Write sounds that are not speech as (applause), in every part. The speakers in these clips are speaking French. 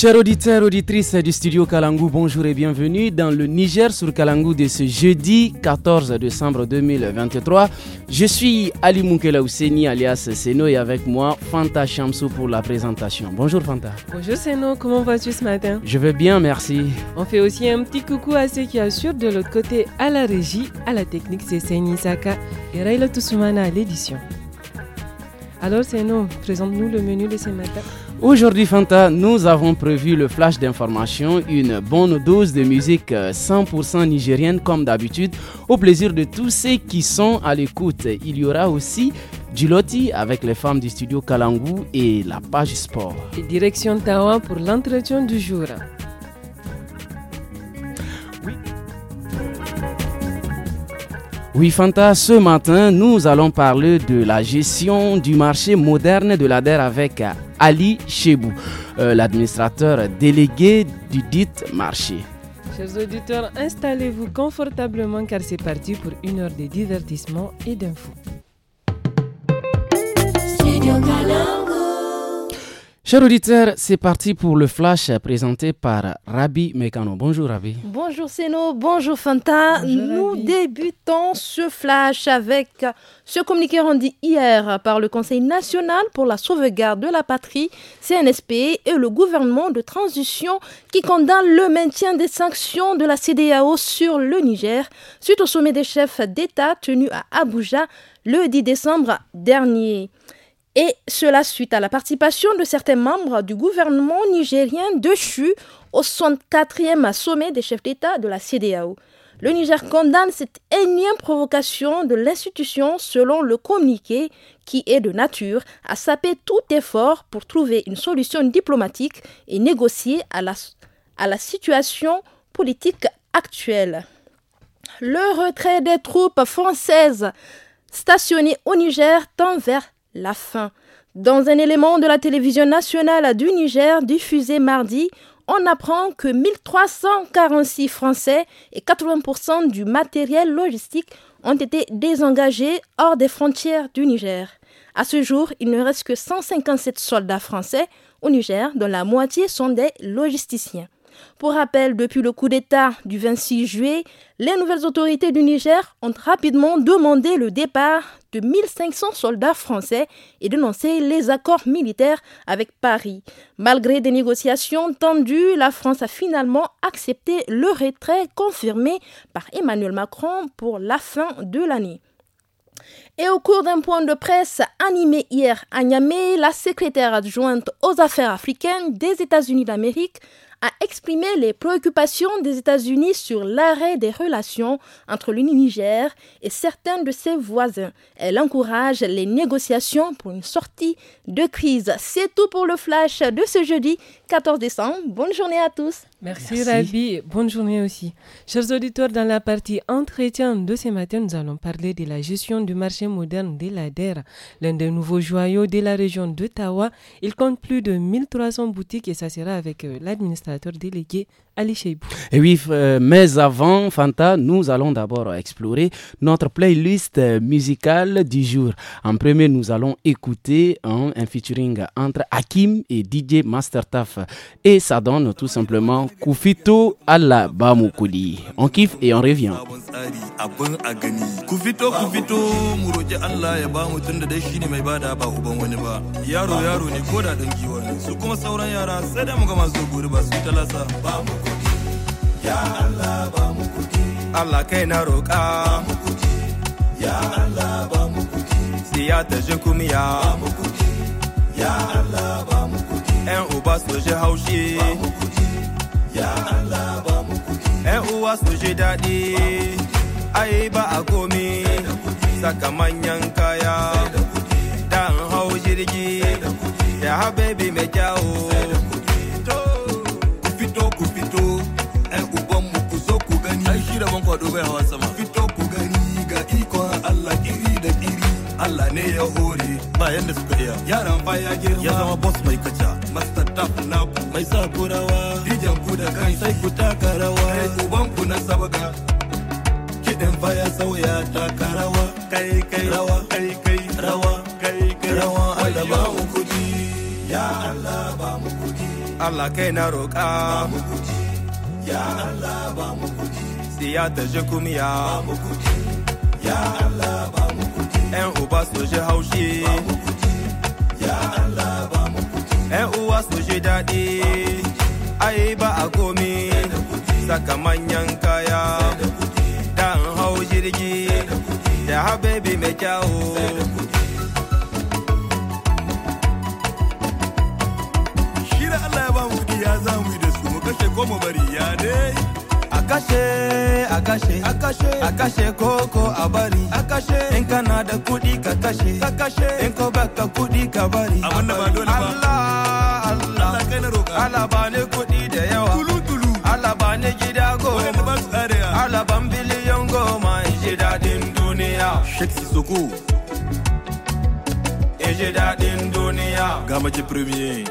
Chers auditeurs, auditrices du studio Kalangou, bonjour et bienvenue dans le Niger sur Kalangou de ce jeudi 14 décembre 2023. Je suis Ali Moukela Ouseni alias Seno et avec moi Fanta Chamsou pour la présentation. Bonjour Fanta. Bonjour Seno, comment vas-tu ce matin Je vais bien, merci. On fait aussi un petit coucou à ceux qui assurent de l'autre côté à la régie, à la technique, c'est Seni Saka et Raila Toussoumana à l'édition. Alors Seno, présente-nous le menu de ce matin. Aujourd'hui, Fanta, nous avons prévu le flash d'information, une bonne dose de musique 100% euh, nigérienne comme d'habitude, au plaisir de tous ceux qui sont à l'écoute. Il y aura aussi du avec les femmes du studio Kalangu et la page sport. Direction Tawa pour l'entretien du jour. Oui, Fanta, ce matin, nous allons parler de la gestion du marché moderne de la l'ADER avec Ali Chebou, euh, l'administrateur délégué du dit marché. Chers auditeurs, installez-vous confortablement car c'est parti pour une heure de divertissement et d'infos. Chers auditeurs, c'est parti pour le flash présenté par Rabi Mekano. Bonjour Rabi. Bonjour Seno, bonjour Fanta. Nous débutons ce flash avec ce communiqué rendu hier par le Conseil national pour la sauvegarde de la patrie, CNSP, et le gouvernement de transition qui condamne le maintien des sanctions de la CDAO sur le Niger suite au sommet des chefs d'État tenu à Abuja le 10 décembre dernier et cela suite à la participation de certains membres du gouvernement nigérien de CHU au 64e sommet des chefs d'État de la CDAO. Le Niger condamne cette énième provocation de l'institution selon le communiqué qui est de nature à saper tout effort pour trouver une solution diplomatique et négocier à la, à la situation politique actuelle. Le retrait des troupes françaises stationnées au Niger tend vers la fin. Dans un élément de la télévision nationale du Niger diffusé mardi, on apprend que 1346 Français et 80% du matériel logistique ont été désengagés hors des frontières du Niger. À ce jour, il ne reste que 157 soldats français au Niger, dont la moitié sont des logisticiens. Pour rappel, depuis le coup d'État du 26 juillet, les nouvelles autorités du Niger ont rapidement demandé le départ de 1500 soldats français et dénoncé les accords militaires avec Paris. Malgré des négociations tendues, la France a finalement accepté le retrait confirmé par Emmanuel Macron pour la fin de l'année. Et au cours d'un point de presse animé hier à Niamey, la secrétaire adjointe aux affaires africaines des États-Unis d'Amérique a exprimé les préoccupations des États-Unis sur l'arrêt des relations entre le Niger et certains de ses voisins. Elle encourage les négociations pour une sortie de crise. C'est tout pour le flash de ce jeudi. 14 décembre. Bonne journée à tous. Merci, Merci. Bonne journée aussi. Chers auditeurs, dans la partie entretien de ce matin, nous allons parler de la gestion du marché moderne de l'ADER, l'un des nouveaux joyaux de la région d'Ottawa. Il compte plus de 1300 boutiques et ça sera avec euh, l'administrateur délégué Ali Sheibou. Et oui, euh, mais avant, Fanta, nous allons d'abord explorer notre playlist euh, musicale du jour. En premier, nous allons écouter un, featuring entre Hakim et DJ Mastertaf. Et ça donne tout simplement Kufito Allah Bamukudi. On kiffe et on revient. Koufito Koufito gani Allah ya bamu tunda dai shine mai bada ba uban wani ba yaro yaro ne ko da dan su kuma sauran yara sai da mu ga masu ba talasa ba ya Allah ba mu kudi Allah kai roka mu kudi ya Allah ba mu kudi siya ta je ya ba ya Allah haushe ya Allah ba mu kuɗi uwa su ji aiba ai ba a komi saka manyan kaya dan hau jirgi ya habebi mai kyawo ku fito ku fito ƴan uban mu ku zo ku gani ai shi daban kwado bai hawa sama fito ku gani ga ikon Allah iri da iri Allah ne ya hore ba da suka iya yaran baya girma ya zama boss mai kaca tafna ku mai sa ku ku da kan sai ku taka rawa kai uban ku na sabga kidan baya sauya taka rawa kai kai rawa kai kai rawa kai kai rawa Allah ba mu kuji ya Allah ba mu kuji Allah kai na roƙa ba mu kuji ya Allah ba mu kuji siya ta je ba mu kuji ya Allah ba mu kuji ƴan uba su je haushi ba mu kuji ya Allah ba 'yan uwa su ji daɗi ai ba a komi saka manyan kaya dan hau jirgi da habibi mai kyawu Shira Allah ya ba mu ya za mu da su mu kashe ko mu bari ya dai akashe a kashe a kashe a kashe koko a bari a kashe in kana da kudi ka kashe ka kashe in ko baka kudi ka bari abin ba dole ba Allah Allah Allah kai na roka Allah ba ne kudi da yawa tulu tulu Allah ba ne gida goma ba su tsariya Allah ban biliyon ma. in ji dadin duniya Sheikh Sissoko in ji dadin duniya ga mace premier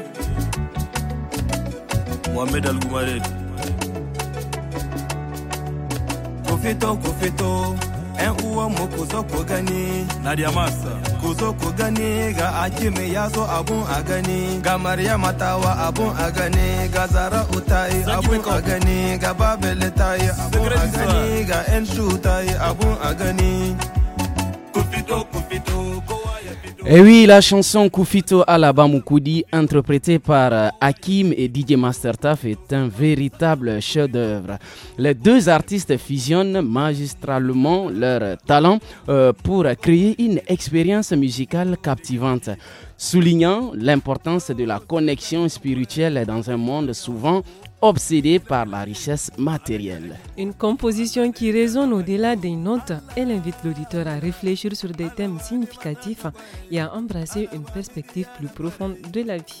Mohamed Al-Gumaret kofeto kofeto enuwa uwanmu kogani, zo ku gani nadia masa ku gani ga akimi ya zo abun a ga Maria matawa abun agani, ga zara utai abun agani, ga babele tayi abun agani, gani ga yan shu tayi abun Et eh oui, la chanson Kufito Alaba interprétée par euh, Hakim et DJ Mastertaf, est un véritable chef-d'œuvre. Les deux artistes fusionnent magistralement leurs talents euh, pour créer une expérience musicale captivante, soulignant l'importance de la connexion spirituelle dans un monde souvent obsédé par la richesse matérielle. Une composition qui résonne au-delà des notes, elle invite l'auditeur à réfléchir sur des thèmes significatifs et à embrasser une perspective plus profonde de la vie.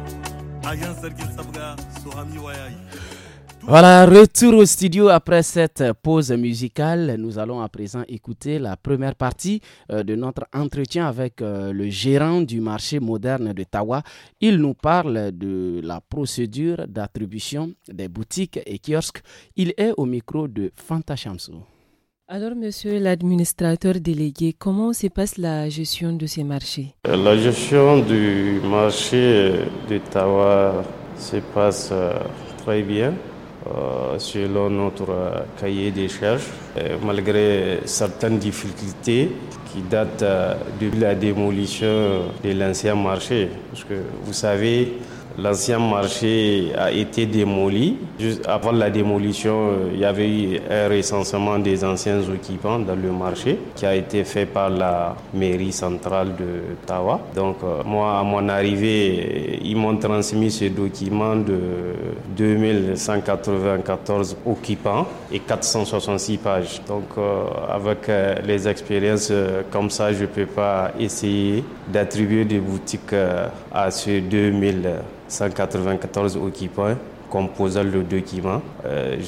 Voilà, retour au studio après cette pause musicale. Nous allons à présent écouter la première partie euh, de notre entretien avec euh, le gérant du marché moderne de Tawa. Il nous parle de la procédure d'attribution des boutiques et kiosques. Il est au micro de Fanta Shamsou. Alors, monsieur l'administrateur délégué, comment se passe la gestion de ces marchés euh, La gestion du marché de Tawa se passe euh, très bien. Euh, selon notre cahier des charges, malgré certaines difficultés qui datent de la démolition de l'ancien marché. Parce que vous savez, L'ancien marché a été démoli. Juste avant la démolition, euh, il y avait eu un recensement des anciens occupants dans le marché qui a été fait par la mairie centrale de Tawa. Donc, euh, moi, à mon arrivée, euh, ils m'ont transmis ce document de 2194 occupants et 466 pages. Donc, avec les expériences comme ça, je ne peux pas essayer d'attribuer des boutiques à ces 2000. 194 occupants composant le document. Euh,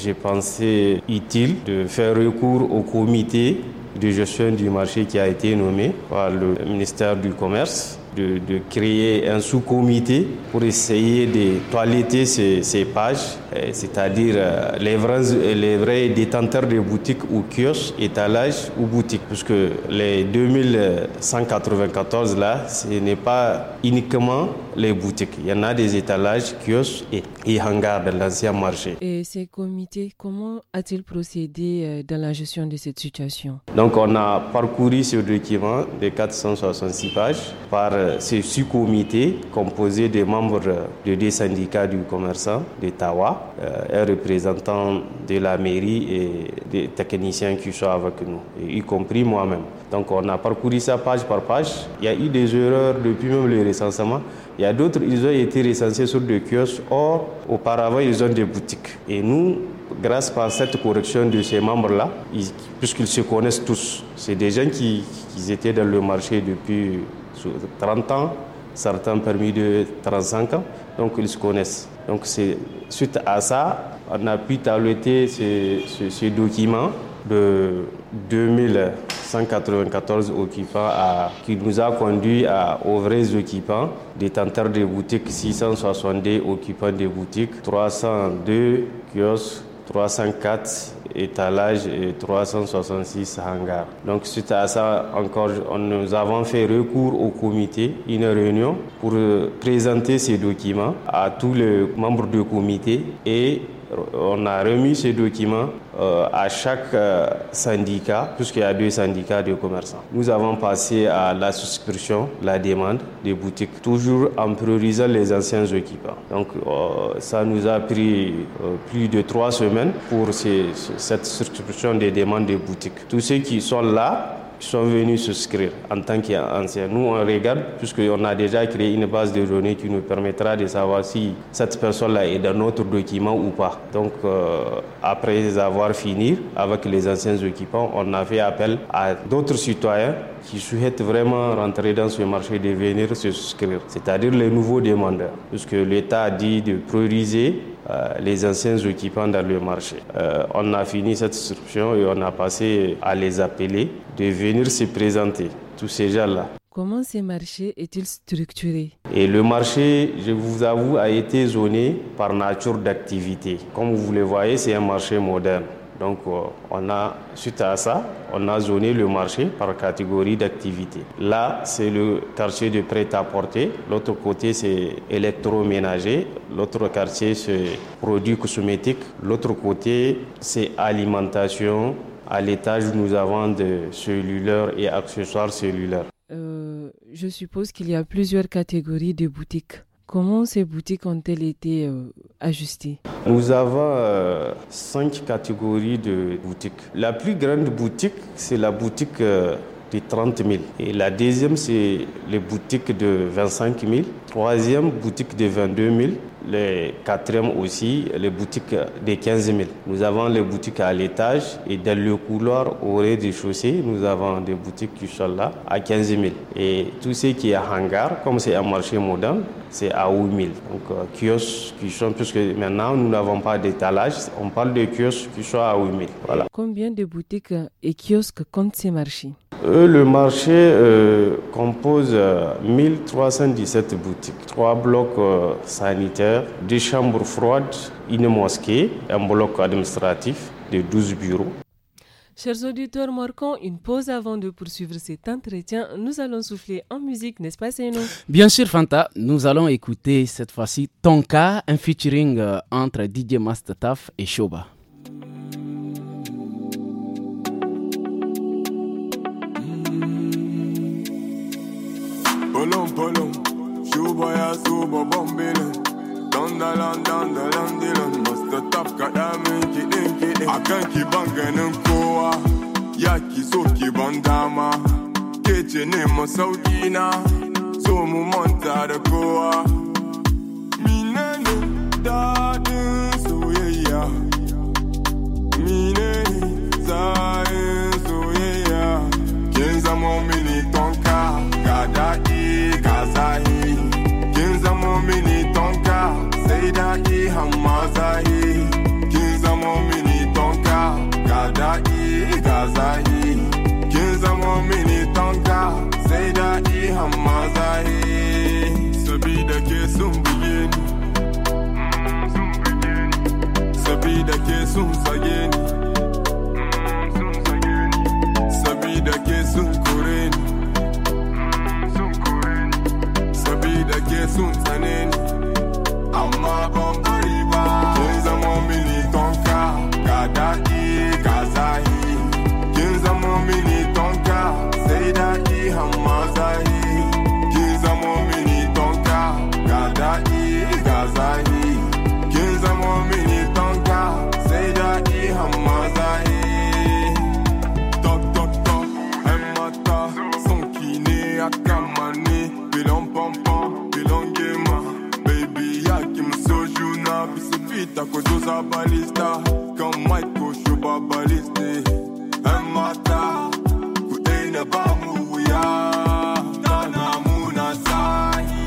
j'ai pensé utile de faire recours au comité de gestion du marché qui a été nommé par le ministère du Commerce, de, de créer un sous-comité pour essayer de toiletter ces, pages, euh, c'est-à-dire euh, les vrais, détenteurs de boutiques ou kiosques, étalages ou boutiques, puisque les 2194 là, ce n'est pas uniquement les boutiques. Il y en a des étalages, kiosques et, hangars de l'ancien marché. Et ces comités, comment a-t-il procédé euh, dans la gestion de cette situation Donc on a parcouru ce document de 466 pages par euh, ce sous-comité composé des membres de syndicats du commerçant de Tawa, euh, un représentant de la mairie et des techniciens qui sont avec nous, y compris moi-même. Donc on a parcouru ça page par page. Il y a eu des erreurs depuis même le recensement. Il y a d'autres, ils ont été recensés sur des kiosques. Or, auparavant, ils ont des boutiques. Et nous, grâce à cette correction de ces membres-là, puisqu'ils se connaissent tous, c'est des gens qui, étaient dans le marché depuis 30 ans, certains permis de 35 ans, donc ils se connaissent. Donc suite à ça, on a pu tabletter ces, documents de 2194 occupants qui nous a conduit à, aux vrais occupants, détenteurs de boutiques 662 occupants de boutiques, 302 kiosques 304 étalages et 366 hangars. Donc suite à ça, encore, nous avons fait recours au comité, une réunion pour présenter ces documents à tous les membres du comité et on a remis ces documents euh, à chaque euh, syndicat, puisqu'il y a deux syndicats de commerçants. Nous avons passé à la souscription, la demande des boutiques, toujours en priorisant les anciens occupants. Donc euh, ça nous a pris plus de trois semaines pour cette souscription des demandes des boutiques. Tous ceux qui sont là, sont venus souscrire en tant qu'anciens. Nous, on regarde, puisqu'on a déjà créé une base de données qui nous permettra de savoir si cette personne-là est dans notre document ou pas. Donc, euh, après avoir fini avec les anciens occupants, on a fait appel à d'autres citoyens qui souhaitent vraiment rentrer dans ce marché de venir se souscrire, c'est-à-dire les nouveaux demandeurs, puisque l'État a dit de prioriser euh, les anciens occupants dans le marché. Euh, on a fini cette instruction et on a passé à les appeler de venir se présenter, tous ces gens-là. Comment ce marché est-il structuré Et le marché, je vous avoue, a été zoné par nature d'activité. Comme vous le voyez, c'est un marché moderne. Donc, euh, on a, suite à ça, on a zoné le marché par catégorie d'activité. Là, c'est le quartier de prêt-à-porter. L'autre côté, c'est électroménager. L'autre quartier, c'est produits cosmétiques. L'autre côté, c'est alimentation. À l'étage, nous avons de cellulaires et accessoires cellulaires. Euh, je suppose qu'il y a plusieurs catégories de boutiques. Comment ces boutiques ont-elles été euh, ajustées Nous avons euh, cinq catégories de boutiques. La plus grande boutique, c'est la boutique euh, de 30 000. Et la deuxième, c'est les boutiques de 25 000. Troisième, boutique de 22 000. le quatrième aussi, les boutiques de 15 000. Nous avons les boutiques à l'étage et dans le couloir au rez-de-chaussée, nous avons des boutiques qui sont là à 15 000. Et tout ce qui est hangar, comme c'est un marché moderne, c'est à 8 000. Donc, euh, kiosques qui sont, puisque maintenant nous n'avons pas d'étalage, on parle de kiosques qui sont à 8 000. Voilà. Combien de boutiques et kiosques comptent ces marchés euh, le marché euh, compose 1317 euh, boutiques, trois blocs sanitaires, des chambres froides, une mosquée, un bloc administratif de 12 bureaux. Chers auditeurs, marquons une pause avant de poursuivre cet entretien. Nous allons souffler en musique, n'est-ce pas, Seino Bien sûr, Fanta. Nous allons écouter cette fois-ci Tonka, un featuring entre DJ Mastataf et Shoba. Polum polum Shoe boy a sober bumbling Dandalan dandalan dilan Masta tafka da minki dinki din I can't keep banging so koa, yaki dama bandama, ce ne masauki na So mu manta da kowa Minene dadin soyayya Minene tsarin soyayya Kin mo mi. yi daɗi hamma zahi kin zamo mini tonka Kada i ga zahi kin zamo mini tonka sai daɗi hamma zahi sabida ke sun buge ni sabida mm, ke sun sage ni sabida ke sun mm, sabida ke sun my bum. Takodoza balista Comme Mike Koshuba balisté Un matin Kuteina bamuya Tana muna sahi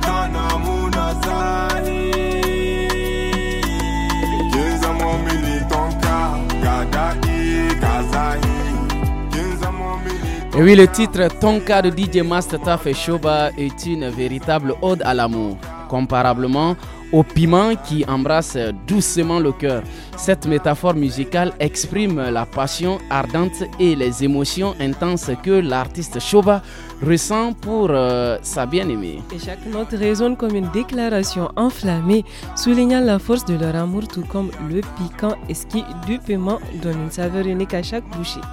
Tana muna sahi Kinzamo militonka Kadai kazahi Et oui, le titre Tonka de DJ Master Taf et Shoba est une véritable ode à l'amour comparablement au piment qui embrasse doucement le cœur. Cette métaphore musicale exprime la passion ardente et les émotions intenses que l'artiste Shoba ressent pour euh, sa bien-aimée. chaque note résonne comme une déclaration enflammée, soulignant la force de leur amour tout comme le piquant esquis du piment donne une saveur unique à chaque bouchée.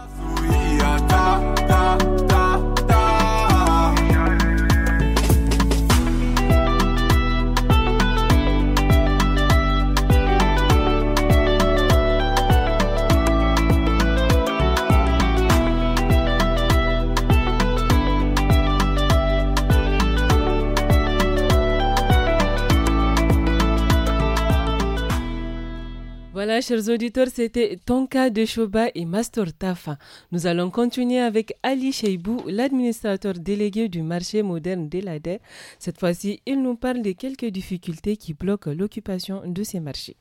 Voilà, chers auditeurs, c'était Tonka de Choba et Master Tafa. Nous allons continuer avec Ali Cheibou, l'administrateur délégué du marché moderne l'ADE. E. Cette fois-ci, il nous parle des quelques difficultés qui bloquent l'occupation de ces marchés.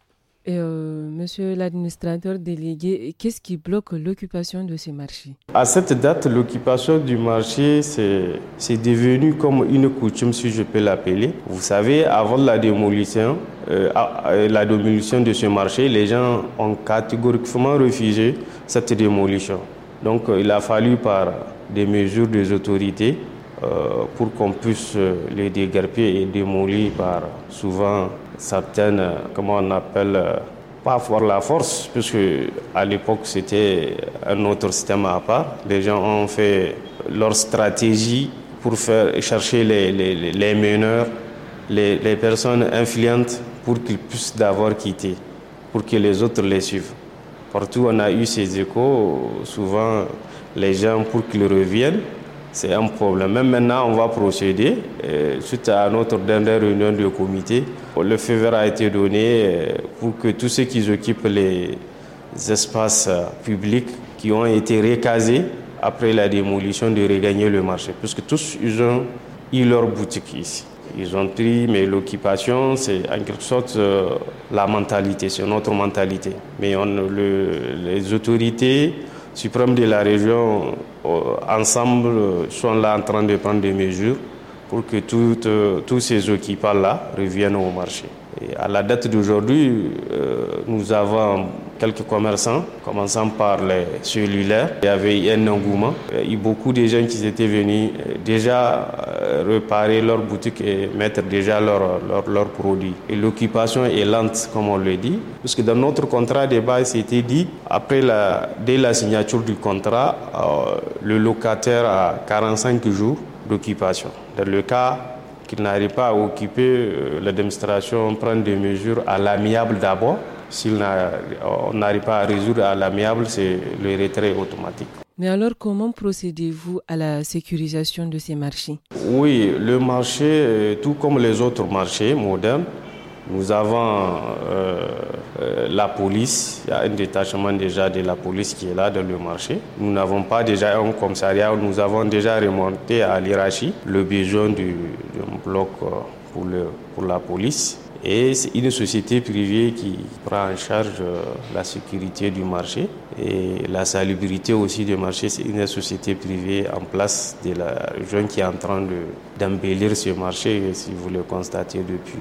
Et euh, monsieur l'administrateur délégué, qu'est-ce qui bloque l'occupation de ces marchés À cette date, l'occupation du marché, c'est devenu comme une coutume, si je peux l'appeler. Vous savez, avant la démolition, euh, la démolition de ce marché, les gens ont catégoriquement refusé cette démolition. Donc euh, il a fallu par des mesures des autorités pour qu'on puisse les dégarper et démolir par souvent certaines, euh, comment on appelle, euh, pas fort la force, puisque à l'époque c'était un autre système à part. Les gens ont fait leur stratégie pour faire, chercher les, les, meneurs, les, les, personnes influentes pour qu'ils puissent d'avoir quitté pour que les autres les suivent. Partout on a eu ces échos, souvent les gens pour qu'ils reviennent, c'est un problème. Même maintenant, on va procéder. Euh, suite à notre dernière réunion du comité, le feu vert a été donné euh, pour que tous ceux qui occupent les espaces euh, publics qui ont été recasés après la démolition de regagner le marché. Puisque tous, ils ont eu leur boutique ici. Ils ont pris, mais l'occupation, c'est en quelque sorte la mentalité, c'est notre mentalité. Mais on, les autorités suprême de la région, euh, ensemble, sont là en train de prendre des mesures pour que toutes, euh, tous ces occupants-là reviennent au marché. Et à la date d'aujourd'hui, euh, nous avons quelques commerçants, commençant par les cellulaires. Il y avait un engouement. Il y a beaucoup de gens qui étaient venus euh, déjà euh, réparer leur boutique et mettre déjà leurs produits. Et l'occupation est lente, comme on le dit, puisque dans notre contrat de base, c'était dit, après la, dès la signature du contrat, euh, le locataire a 45 jours d'occupation. Dans le cas qu'il n'arrive pas à occuper, la l'administration prend des mesures à l'amiable d'abord s'il n'arrive pas à résoudre à l'amiable, c'est le retrait automatique. Mais alors, comment procédez-vous à la sécurisation de ces marchés Oui, le marché, euh, tout comme les autres marchés modernes, nous avons euh, euh, la police, il y a un détachement déjà de la police qui est là dans le marché. Nous n'avons pas déjà un commissariat, nous avons déjà remonté à l'hierarchie le besoin d'un bloc pour la police. Et c'est une société privée qui prend en charge euh, la sécurité du marché et la salubrité aussi du marché. C'est une société privée en place de la région qui est en train d'embellir ce marché, si vous le constatez depuis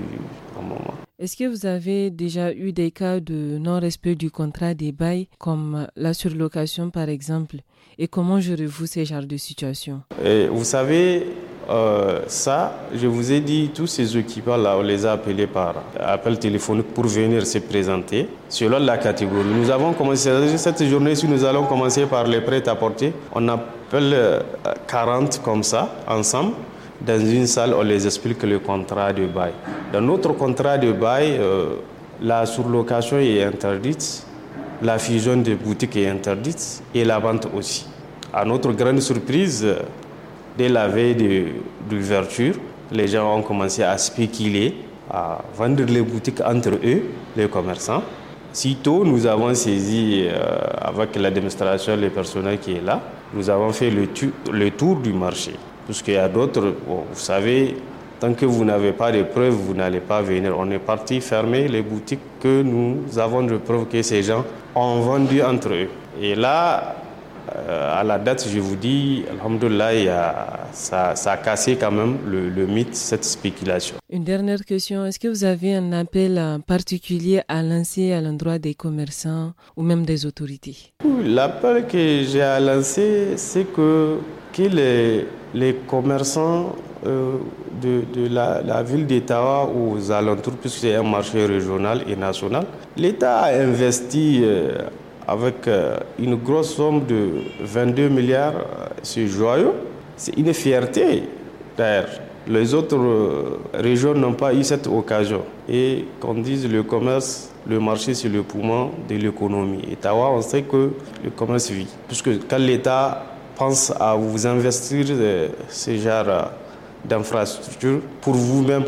un moment. Est-ce que vous avez déjà eu des cas de non-respect du contrat des bails, comme la surlocation par exemple Et comment gérez-vous ces genres de situations et Vous savez, euh, ça, je vous ai dit, tous ces occupants-là, on les a appelés par appel téléphonique pour venir se présenter selon la catégorie. Nous avons commencé cette journée, si nous allons commencer par les prêts à porter, on appelle 40 euh, comme ça, ensemble. Dans une salle, on les explique le contrat de bail. Dans notre contrat de bail, euh, la surlocation est interdite, la fusion des boutiques est interdite et la vente aussi. À notre grande surprise, Dès la veille l'ouverture, les gens ont commencé à spéculer, à vendre les boutiques entre eux, les commerçants. Sitôt, nous avons saisi, euh, avec la démonstration, le personnel qui est là, nous avons fait le, tour du marché. Parce qu'il y a d'autres, vous savez, tant que vous n'avez pas de preuves, vous n'allez pas venir. On est parti fermer les boutiques que nous avons de preuves que ces gens ont vendu entre eux. Et là, euh, à la date, je vous dis, Alhamdoulilah, ça, ça a cassé quand même le, mythe, cette spéculation. Une dernière question. Est-ce que vous avez un appel euh, particulier à lancer à l'endroit des commerçants ou même des autorités L'appel que j'ai à lancer, c'est que, les, les commerçants euh, de, la, ville d'Etawa aux alentours, puisque c'est un marché régional et national, l'État a investi avec euh, une grosse somme de 22 milliards, c'est euh, joyeux. C'est une fierté d'ailleurs. Les autres euh, régions n'ont pas eu cette occasion. Et qu'on dise le commerce, le marché, c'est le poumon de l'économie. Et Tawa, on sait que le commerce vit. Puisque quand l'État pense à vous investir ce genre d'infrastructures pour vous-même,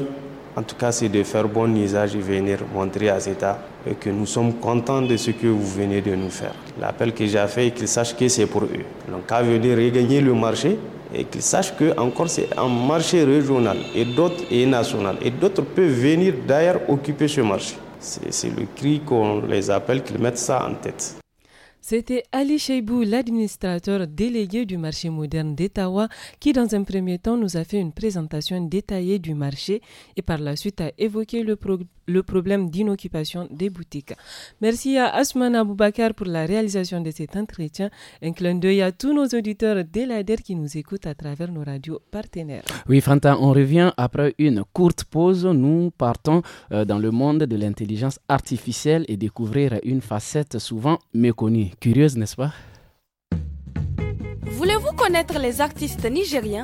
en tout cas, c'est de faire bon usage et venir montrer à cet État et que nous sommes contents de ce que vous venez de nous faire. L'appel que j'ai fait, qu'ils sachent que c'est pour eux. Donc, à venir regagner le marché et qu'ils sachent que encore c'est un marché régional et d'autres et national et d'autres peuvent venir d'ailleurs occuper ce marché. C'est le cri qu'on les appelle qu'ils mettent ça en tête. C'était Ali Sheibou, l'administrateur délégué du marché moderne d'Etawa, qui dans un premier temps nous a fait une présentation détaillée du marché et par la suite a évoqué le, programme le problème d'inoccupation des boutiques. Merci à Asman Aboubakar pour la réalisation de cet entretien. Un clin d'œil à tous nos auditeurs de qui nous écoutent à travers nos radios partenaires. Oui, Fanta, on revient après une courte pause. Nous partons euh, dans le monde de l'intelligence artificielle et découvrir une facette souvent méconnue. Curieuse, n'est-ce pas Voulez-vous connaître les artistes nigériens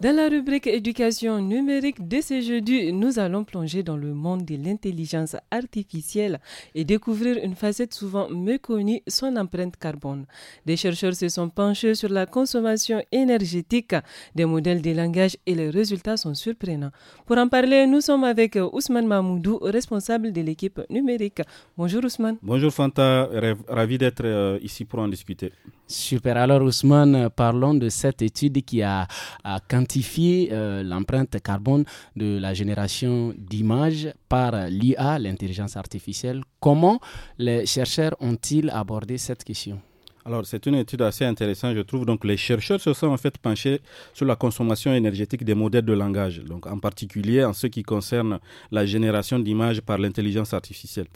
Dans la rubrique éducation numérique de ce jeudi, nous allons plonger dans le monde de l'intelligence artificielle et découvrir une facette souvent méconnue, son empreinte carbone. Des chercheurs se sont penchés sur la consommation énergétique des modèles de langage et les résultats sont surprenants. Pour en parler, nous sommes avec Ousmane Mamoudou, responsable de l'équipe numérique. Bonjour Ousmane. Bonjour Fanta, ravi d'être euh, ici pour en discuter. Super, alors Ousmane, parlons de cette étude qui a, a quantifier euh, l'empreinte carbone de la génération d'images par l'IA, l'intelligence artificielle. Comment les chercheurs ont-ils abordé cette question alors, c'est une étude assez intéressante, je trouve. Donc, les chercheurs se sont en fait penchés sur la consommation énergétique des modèles de langage, en particulier en ce qui concerne la génération d'images par l'intelligence artificielle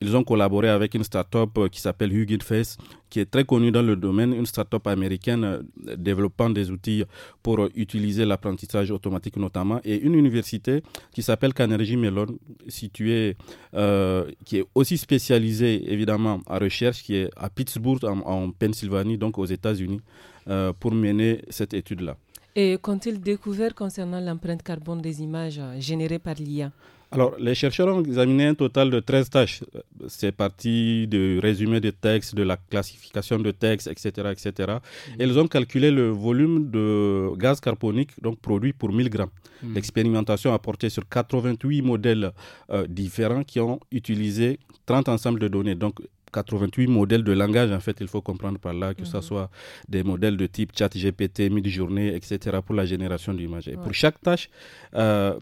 ils ont collaboré avec une start-up euh, qui s'appelle Hugging Face, qui est très connue dans le domaine, une start-up américaine euh, développant des outils pour euh, utiliser l'apprentissage automatique notamment, et une université qui s'appelle Carnegie Mellon, située, qui est aussi spécialisée évidemment en recherche, qui est à Pittsburgh, en, Pennsylvanie, donc aux États-Unis, pour mener cette étude-là. Et qu'ont-ils découvert concernant l'empreinte carbone des images générées par l'IA alors, les chercheurs ont examiné un total de 13 tâches. C'est parti de résumé de textes, de la classification de textes, etc. etc. Et ils mhm. ont calculé le volume de gaz carbonique donc, produit pour 1000 grammes. Mhm. L'expérimentation a porté sur 88 modèles euh, différents qui ont utilisé 30 ensembles de données. Donc, 88 modèles de langage, en fait, il faut comprendre par là que ce mhm. soit des modèles de type chat GPT, midi journée etc., pour la génération d'images. Et pour chaque tâche, euh,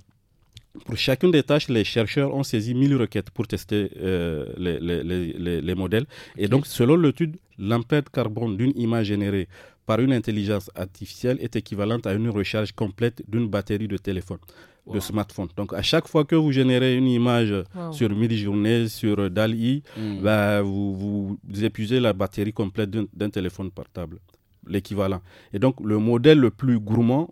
pour chacune des tâches, les chercheurs ont saisi 1000 requêtes pour tester euh, les, modèles. Et donc, selon l'étude, l'empreinte carbone d'une image générée par une intelligence artificielle est équivalente à une recharge complète d'une batterie de téléphone, de smartphone. Donc, à chaque fois que vous générez une image sur midi sur DALI, hmm. bah, vous, vous épuisez la batterie complète d'un téléphone portable l'équivalent. Et donc, le modèle le plus gourmand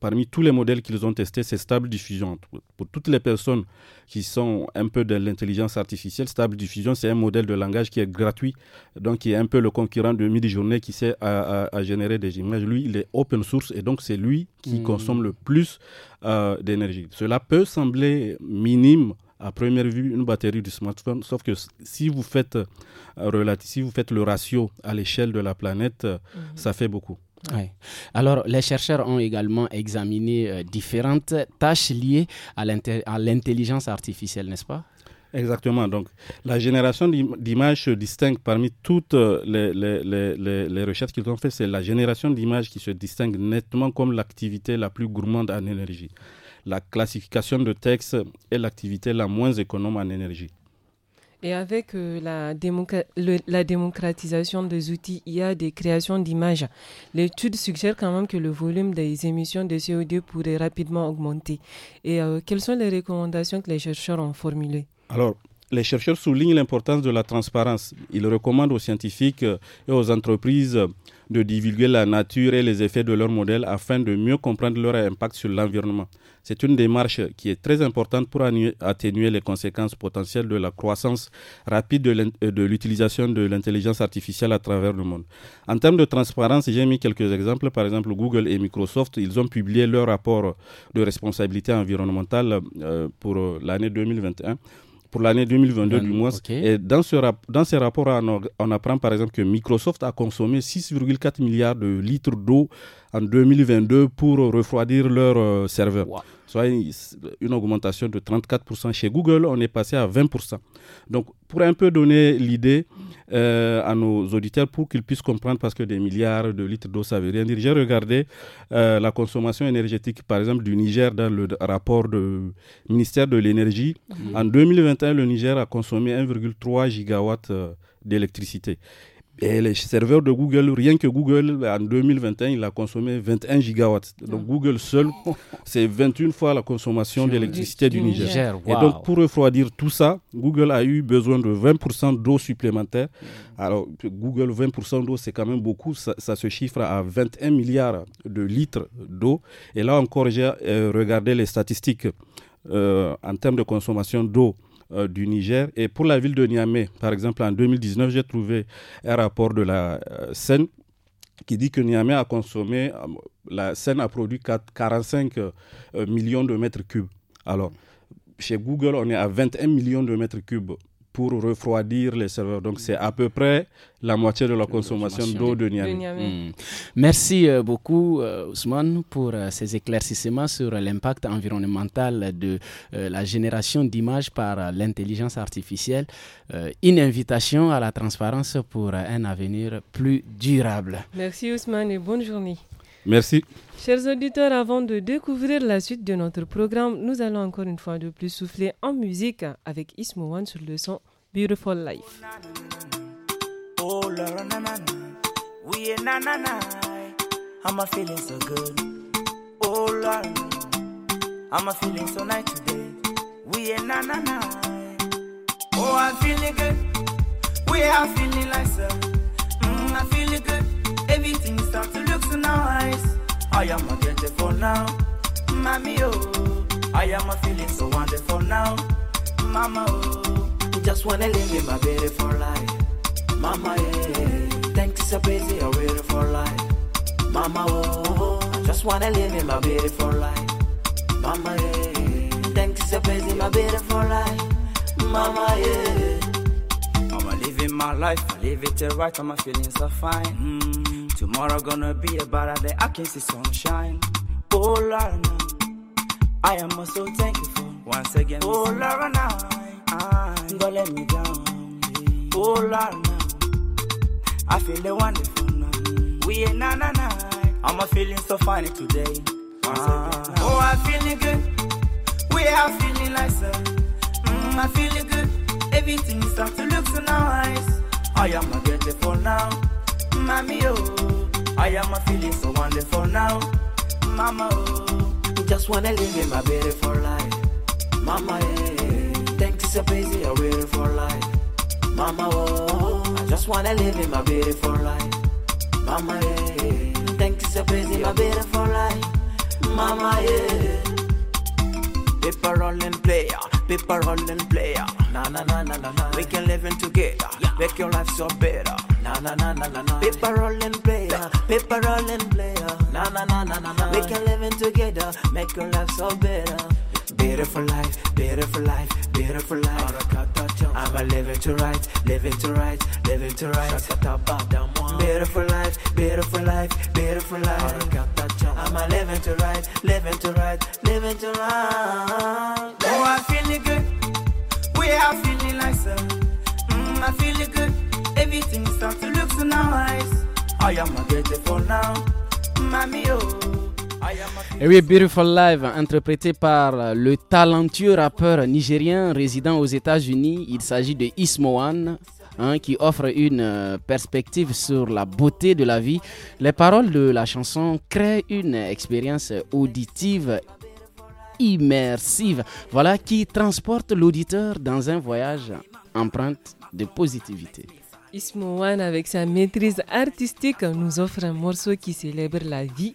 parmi tous les modèles qu'ils ont testés, c'est Stable Diffusion. Pour toutes les personnes qui sont un peu de l'intelligence artificielle, Stable Diffusion, c'est un modèle de langage qui est gratuit, donc qui est un peu le concurrent de Midi Journée qui sait à, générer des images. Lui, il est open source et donc c'est lui qui hmm. consomme le plus euh, d'énergie. Cela peut sembler minime à première vue une batterie du smartphone, sauf que si vous faites, euh, le ratio à l'échelle de la planète, euh, hmm. ça fait beaucoup. Alors, les chercheurs ont également examiné euh, différentes tâches liées à l'intelligence artificielle, n'est-ce pas Exactement. Donc, la génération d'images se distingue parmi toutes euh, les, les recherches qu'ils ont faites. C'est la génération d'images qui se distingue nettement comme l'activité la plus gourmande en énergie. La classification de textes est l'activité la moins économe en énergie. Et avec euh, la, la, démocratisation des outils, il y a des créations d'images. L'étude suggère quand même que le volume des émissions de CO2 pourrait rapidement augmenter. Et euh, quelles sont les recommandations que les chercheurs ont formulées Alors, les chercheurs soulignent l'importance de la transparence. Ils recommandent aux scientifiques euh, et aux entreprises euh, de divulguer la nature et les effets de leurs modèles afin de mieux comprendre leur impact sur l'environnement. C'est une démarche qui est très importante pour atténuer les conséquences potentielles de la croissance rapide euh, de l'utilisation de l'intelligence artificielle à travers le monde. En termes de transparence, j'ai mis quelques exemples. Par exemple, Google et Microsoft, ils ont publié leur rapport de responsabilité environnementale pour l'année 2021 pour l'année 2022 du moins. Et dans, ce dans ces rapports, on, apprend par exemple que Microsoft a consommé 6,4 milliards de litres d'eau en 2022 pour refroidir leurs euh, serveurs soit une augmentation de 34%. Chez Google, on est passé à 20%. Donc, pour un peu donner l'idée euh, à nos auditeurs pour qu'ils puissent comprendre, parce que des milliards de litres d'eau, ça veut rien dire. J'ai regardé euh, la consommation énergétique, par exemple, du Niger dans le rapport du ministère de l'Énergie. Mhm. En 2021, le Niger a consommé 1,3 gigawatts euh, d'électricité. Et les serveurs de Google, rien que Google, en 2021, il a consommé 21 gigawatts. Donc ah. Google seul, (laughs) c'est 21 fois la consommation d'électricité du, Niger. Et donc pour refroidir tout ça, Google a eu besoin de 20% d'eau supplémentaire. Mm. Alors Google, 20% d'eau, c'est quand même beaucoup. Ça, se chiffre à 21 milliards de litres d'eau. Et là encore, j'ai euh, regardé les statistiques euh, en termes de consommation d'eau euh, du Niger. Et pour la ville de Niamey, par exemple, en 2019, j'ai trouvé un rapport de la euh, Seine qui dit que Niamey a consommé, euh, la Seine a produit 4, 45 millions de mètres cubes. Alors, chez Google, on est à 21 millions de mètres cubes pour refroidir les serveurs. Donc c'est à peu près la moitié de la consommation d'eau de, Niamey. Hmm. Hmm. Merci euh, beaucoup euh, Ousmane pour euh, ces éclaircissements sur l'impact environnemental de la génération d'images par l'intelligence artificielle. Une invitation à la transparence pour un avenir plus durable. Merci Ousmane et bonne journée. Merci. Chers auditeurs, avant de découvrir la suite de notre programme, nous allons encore une fois de plus souffler en musique avec Ismouane sur le son beautiful life. Oh, I'm a feeling so good. Oh Lord, I'm a feeling so nice today. We are na na na. Oh, mm, I'm feeling good. We are feeling like so. Mm, I'm feeling good. Everything starts to look so nice. I am a for now, mommy. Oh, I am a feeling so wonderful now, mama. Oh. Just wanna live in my beautiful life. Mama, yeah. Thanks so busy, I'm waiting for life. Mama, oh, I just wanna live in my beautiful life. Mama, yeah. Thanks so busy, my beautiful life. Mama, yeah. Mama, living my life, I live it right, all my feelings are fine. Mm, tomorrow gonna be a better day, I can see sunshine. Oh, Lord, I am also thankful once again. Oh, Lord, now don't let me down. Eh. Oh Lord, now I feel wonderful now. We ain't na na na. I'm a feeling so funny today. Ah. Oh, I'm feeling good. We are feeling like so. Mm, I'm feeling good. Everything starts to look so nice. I am a grateful now, mommy oh. I am a feeling so wonderful now, mama oh. Just wanna live in my beautiful life, mama yeah so busy, I waited for life. Mama, oh, I just wanna live in my beautiful life. Mama, yeah, thank you so busy, my beautiful life. Mama, yeah. Paper rolling player, paper rolling player. Na na na na na na. We can live in together. Yeah. Make your life so better. Na na na na na na. Paper rolling player, paper rolling player. Na na na na na na. We can live in together. Make your life so better bitter for life, bitter for life, bitter for life. I'ma ah, live it to right, live it to right, live it to right. Bitter for life, bitter for life, bitter for life. I'ma ah, live it to right, live it to right, live it to right. Oh, I'm feeling good. We are feeling like so. Mm, I'm feeling good. Everything starts to look so nice. I am a beautiful now, mommy. Oh. oui, Beautiful Live, interprété par le talentueux rappeur nigérien résident aux États-Unis. Il s'agit de Ismoan. Hein, qui offre une euh, perspective sur la beauté de la vie. Les paroles de la chanson créent une expérience auditive immersive, voilà, qui transporte l'auditeur dans un voyage empreinte de positivité. Ismoan, avec sa maîtrise artistique, nous offre un morceau qui célèbre la vie,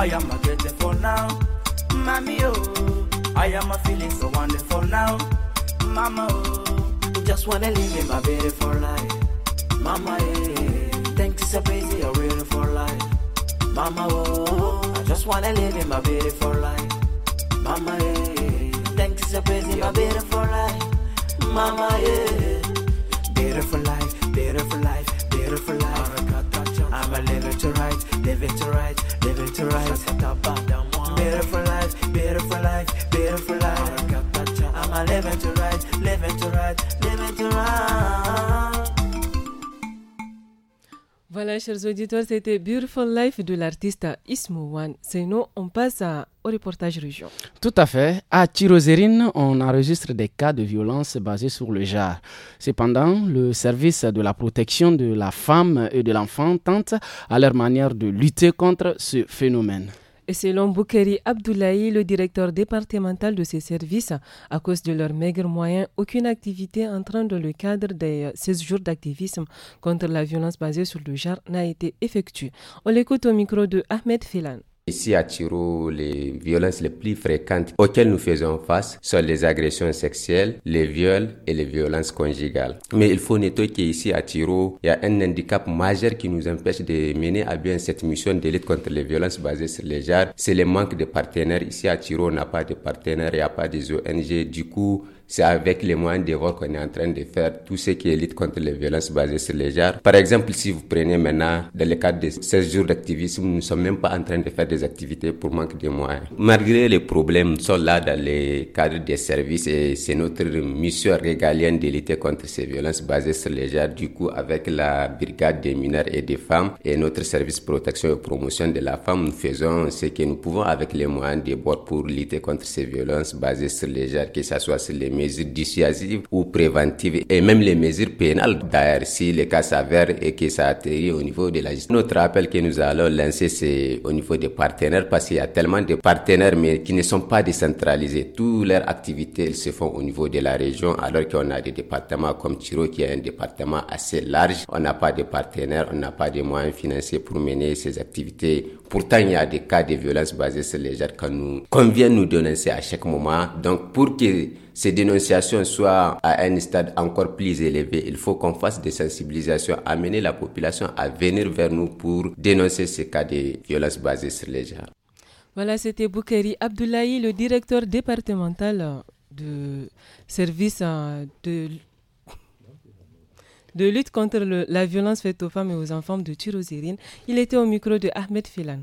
I am a getting for now. Mommy, oh, I am a feeling so wonderful now. Mama, oh, just wanna live in my beautiful life. Mama, eh, thanks is so busy, a really life. Mama, oh, I just wanna live in my beautiful life. Mama, eh, thanks is so busy, my beautiful life. Mama, eh. beautiful life, beautiful life, beautiful life i am a living to right, living to right, living to right. Beautiful life, beautiful life, beautiful life. i am a living to right, living to right, living to right. Voilà, chers auditeurs, c'était Beautiful Life de l'artiste Wan. Sinon, on passe au reportage région. Tout à fait. À Tirozérine, on enregistre des cas de violence basés sur le genre. Cependant, le service de la protection de la femme et de l'enfant tente à leur manière de lutter contre ce phénomène selon Boukeri Abdoulaye, le directeur départemental de ces services, à cause de leurs maigres moyens, aucune activité entrant dans le cadre des 16 euh, jours d'activisme contre la violence basée sur le genre n'a été effectuée. On l'écoute au micro de Ahmed Filan. Ici à Tiro, les violences les plus fréquentes auxquelles nous faisons face sont les agressions sexuelles, les viols et les violences conjugales. Mais il faut noter qu'ici à Tiro, il y a un handicap majeur qui nous empêche de mener à bien cette mission de contre les violences basées sur les genres. C'est le manque de partenaires. Ici à Tiro, on n'a pas de partenaires, il n'y a pas des ONG. Du coup, c'est avec les moyens de voix qu'on est en train de faire tout ce qui est lutte contre les violences basées sur les genres. Par exemple, si vous prenez maintenant, dans le cadre de 16 jours d'activisme, nous ne sommes même pas en train de faire des activités pour manque de moyens. Malgré les problèmes, nous sommes là dans le cadre des services et c'est notre mission régalienne de lutter contre ces violences basées sur les genres. Du coup, avec la brigade des mineurs et des femmes et notre service protection et promotion de la femme, nous faisons ce que nous pouvons avec les moyens de bord pour lutter contre ces violences basées sur les genres, que ce soit sur les mesures dissuasives ou préventives et même les mesures pénales. D'ailleurs, si le cas s'avère et que ça atterrit au niveau de la justice, notre appel que nous allons lancer, c'est au niveau des partenaires parce qu'il y a tellement de partenaires mais qui ne sont pas décentralisés. Toutes leurs activités se font au niveau de la région alors qu'on a des départements comme Tiro qui est un département assez large. On n'a pas de partenaires, on n'a pas de moyens financiers pour mener ces activités. Pourtant, il y a des cas de violence basées sur les gens qu'on nous nous donner à chaque moment. Donc, pour que ces dénonciations soient à un stade encore plus élevé. Il faut qu'on fasse des sensibilisations, amener la population à venir vers nous pour dénoncer ces cas de violences basées sur les gens. Voilà, c'était Boukeri Abdoulaye, le directeur départemental de service hein, de, de lutte contre la violence faite aux femmes et aux enfants de Tirozérine. Il était au micro de Ahmed Filan.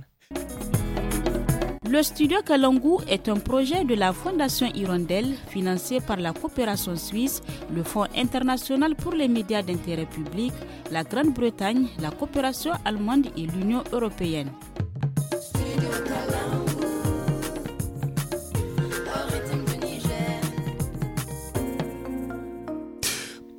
Le studio Kalangu est un projet de la Fondation Hirondelle financé par la coopération suisse, le Fonds international pour les médias d'intérêt public, la Grande-Bretagne, la coopération allemande et l'Union européenne.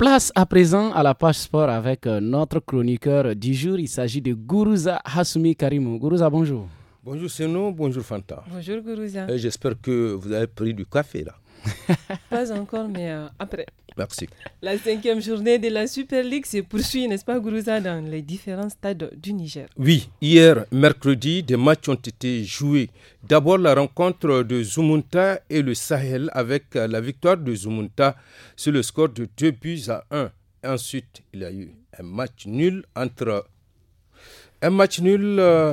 Place à présent à la page sport avec euh, notre chroniqueur du jour. Il s'agit de Guruza Hasumi Karimou. Guruza, bonjour. Bonjour Seno, bonjour Fanta. Bonjour Gourouza. Eh, j'espère que vous avez pris du café là. (laughs) Pas encore, mais euh, après. Merci. La cinquième journée de la Super League se poursuit, n'est-ce pas, Gourouza, dans les différents stades du Niger Oui, hier, mercredi, des matchs ont été joués. D'abord, la rencontre de Zumunta et le Sahel avec euh, la victoire de Zumunta sur le score de 2 buts à 1. Ensuite, il y a eu un match nul entre. Un match nul. Euh,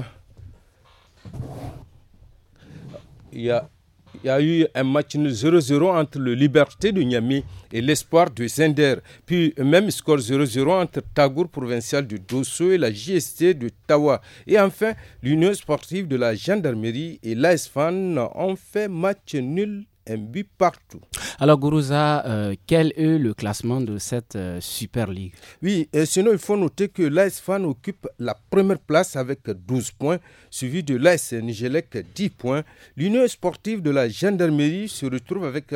il y a, eu un match 0-0 entre le Liberté de Niamey et l'Espoir de Zender. Puis même score 0-0 entre Tagour provincial du Dosso et la JST de Tawa. Et enfin, l'Union sportive de la gendarmerie et l'ASFAN ont fait match nul un but partout. Alors Gourouza, euh, quel est le classement de cette euh, Super League Oui, euh, sinon il faut noter que l'AS Fan occupe la première place avec 12 points, suivi de l'AS Nigelec 10 points. L'Union sportive de la gendarmerie se retrouve avec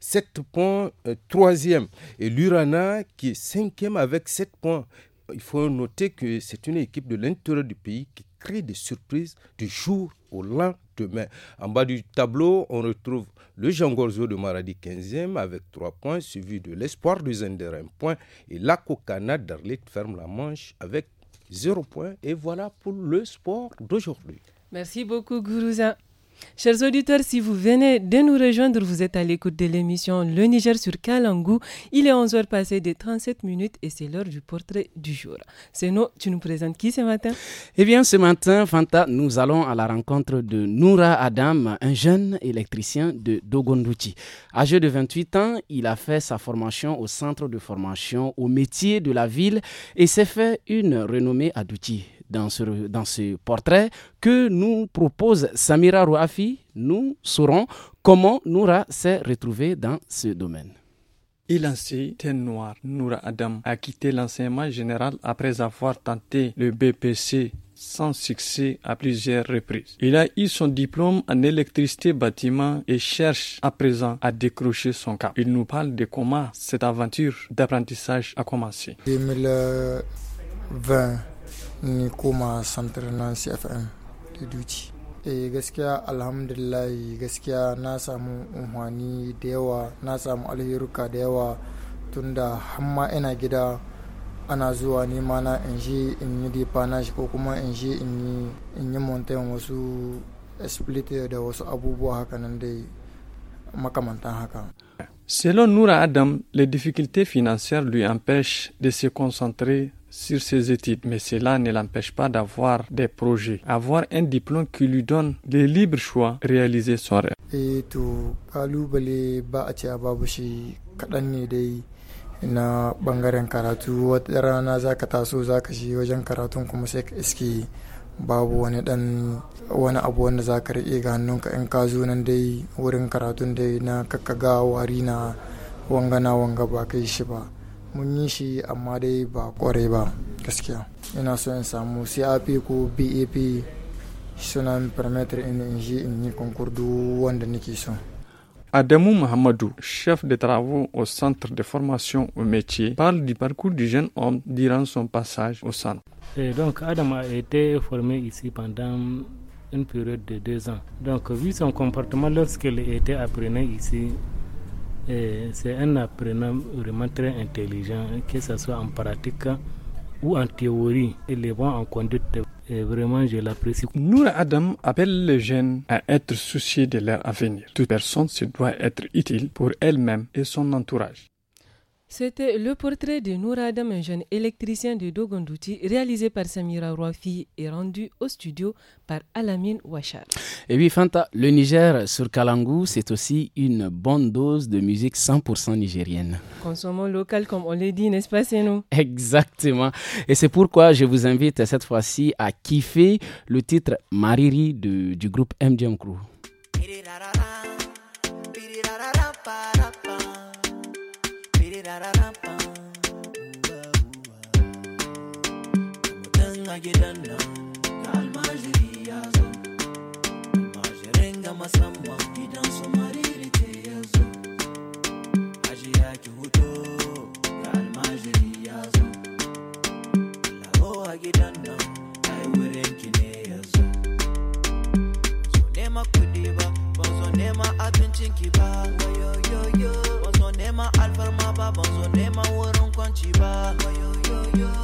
7 points, 3e. Et l'Urana qui est 5e avec 7 points. Il faut noter que c'est une équipe de l'intérieur du pays qui crée des surprises du jour au lendemain demain. En bas du tableau, on retrouve le Jean Gorzo de Maradi 15e avec 3 points, suivi de l'Espoir du Zender 1 point et la Cocana d'Arlette ferme la manche avec 0 point. Et voilà pour le sport d'aujourd'hui. Merci beaucoup, Gourouza. Chers auditeurs, si vous venez de nous rejoindre, vous êtes à l'écoute de l'émission Le Niger sur Kalangou. Il est 11h passé de 37 minutes et c'est l'heure du portrait du jour. Seno, tu nous présentes qui ce matin Eh bien, ce matin, Fanta, nous allons à la rencontre de Noura Adam, un jeune électricien de Dogondouti. Âgé de 28 ans, il a fait sa formation au centre de formation au métier de la ville et s'est fait une renommée à Douti dans ce, dans portrait que nous propose Samira Rouafi, nous saurons comment Noura s'est retrouvée dans ce domaine. Il était noir. Noura Adam a quitté l'enseignement général après avoir tenté le BPC sans succès à plusieurs reprises. Il a eu son diplôme en électricité bâtiment et cherche à présent à décrocher son cap. Il nous parle de comment cette aventure d'apprentissage a commencé. 2020, ni koma santar na cfm da duci eh gaskiya alhamdulillah gaskiya na samu umarni da yawa na samu alheruka da yawa tun da hamma ina gida ana zuwa nema na in je in yi dipa na shi ko kuma in je in yi mountain wasu split da wasu abubuwa hakanan da dai makamantan haka Selon Noura Adam, les difficultés financières lui empêchent de se concentrer sur ses études, mais cela ne l'empêche pas d'avoir des projets, avoir un diplôme qui lui donne le libre choix, réaliser son rêve. Et eh, tout, kaɗan ne dai na ɓangaren karatu wata rana za ka taso za ka shi wajen karatun kuma sai iski babu wani dan wani abu wanda za ka riƙe ga hannunka in ka zo nan dai wurin karatun dai na kakkaga wari na wanga na wanga ba kai shi ba mun chef de travaux au centre de formation au métier, parle du parcours du jeune homme durant son passage au centre. Et donc Adam a été formé ici pendant une période de deux ans. Donc vu son comportement lorsqu'il était apprenant ici, c'est un apprenant vraiment très intelligent, que ce soit en pratique ou en théorie. Il est bon en conduite. Et vraiment, je l'apprécie. Noura Adam appelle les jeunes à être soucieux de leur avenir. Toute personne se doit être utile pour elle-même et son entourage. C'était le portrait de Noura Adam, un jeune électricien de Dogondouti, réalisé par Samira Rouafi et rendu au studio par Alamine Ouachar. Et oui, Fanta, le Niger sur Kalangu, c'est aussi une bonne dose de musique 100% nigérienne. Consommons local, comme on l'a dit, n'est-ce pas, c'est nous Exactement. Et c'est pourquoi je vous invite cette fois-ci à kiffer le titre Mariri du groupe MGM Crew. you don't know. Kalmajiriyazo, masamba, idan su maririte yazo. Aji yaki huto, kalmajiriyazo. Lagoa gidan nan, ai wurin ki ne yazo. So nema kudi ba, ban so nema abincin yo yo yo. Ban so nema alfarma maba, ban so nema wurin kwanci ba, wayo yo yo.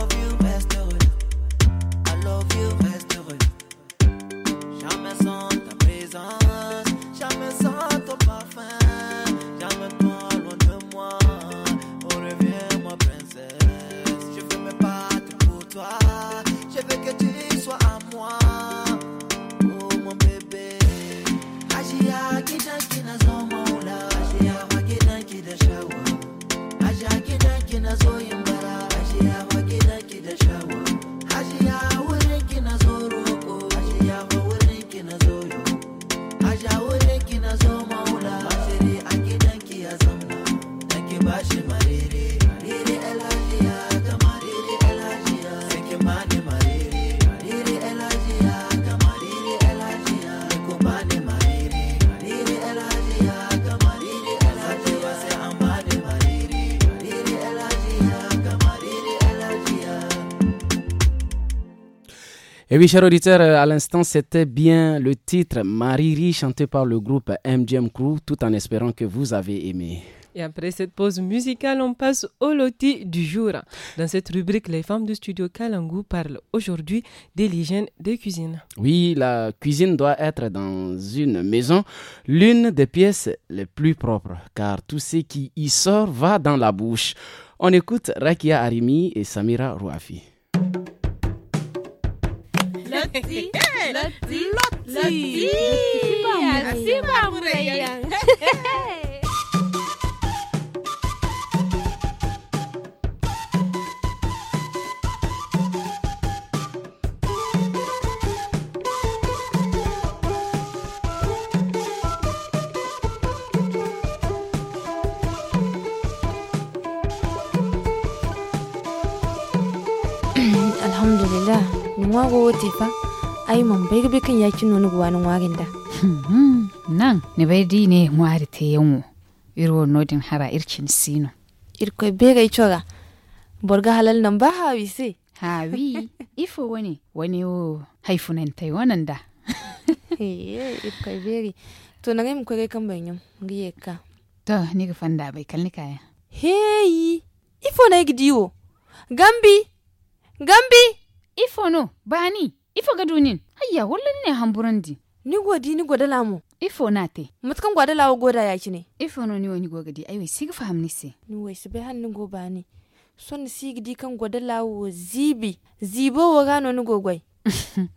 love you. Et oui, chers auditeurs, euh, à l'instant, c'était bien le titre Mariri chanté par le groupe MGM Crew, tout en espérant que vous avez aimé. Et après cette pause musicale, on passe au loti du jour. Dans cette rubrique, les femmes du studio Kalangu parlent aujourd'hui de l'hygiène de cuisine. Oui, la cuisine doit être dans une maison l'une des pièces les plus propres, car tout ce qui y sort va dans la bouche. On écoute Rakia Arimi et Samira Rouafi. Lotzi, Lotzi, Lotzi. Así vamos, Reyyan. الحمد لله nimwago wote ai man bai gabe yakin nonu nan hmm, nan ne bai di ne ngwari te irwo nodin hara irkin sino irko be ichoga borga halal nan ba hawi (laughs) ifo wani wani o haifunan tai wannan da irko to na mu kore kan ngiye ka to ni ga fanda bai kalni kaya heyi ifo gambi gambi ifo no bani ifo gadunin hayya wullun ne hamburandi ni godi ni godala mu ifo na te mutkan godala wo goda yaki ne ifo no ni woni gogadi aiwe sig fahamni se ni su bai be hannu go bani son sig di kan godala wo zibi zibo wa gano ni gogoi (laughs)